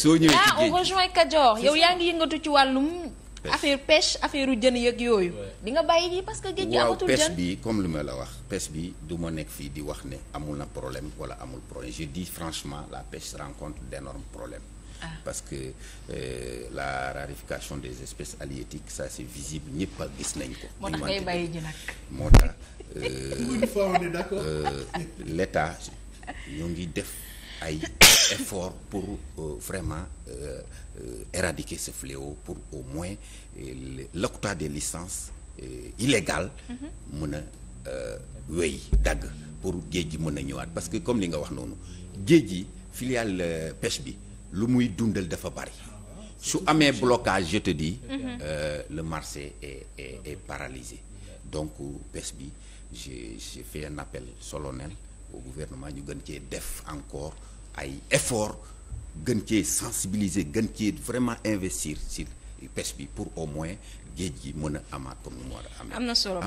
soo ñëwee ci ah, géej yow yaa ngi yëngatu ci wàllum. affaire pêche affaire jën yeeg yooyu. di nga bàyyi ji parce que géej gi amatul bi comme lu ma la wax pêche bi du ma nekk fii di wax ne amul na problème wala amul problème je dis franchement la pêche rencontre d'énormes problème ah. parce que euh, la rarification des espèces halieutiques ça c'est visible ñëpp a gis nañ ko. moo tax ngay bàyyi ji nag moo tax. Euh, euh, l'État ñoo ngi def. ay effort pour euh, vraiment euh, euh, éradiquer ce fléau pour au moins euh, l'octroi des licences illégales mm-hmm. mën a wéy dagg pour géej gi mën a ñëwaat parce que comme li nga wax noonu géej gi filiale pêche bi lu muy dundal dafa bari su amee blocage je te dis mm-hmm. le marché est et est donc pêche bi j'ai j'ai fait un appel solennel au gouvernement ñu gën cee def encore ay effort gën cee sensibiliser gën ci vraiment investir si pêche bi pour au moins géej gi mën a amaat comme ni mu war a amee. solo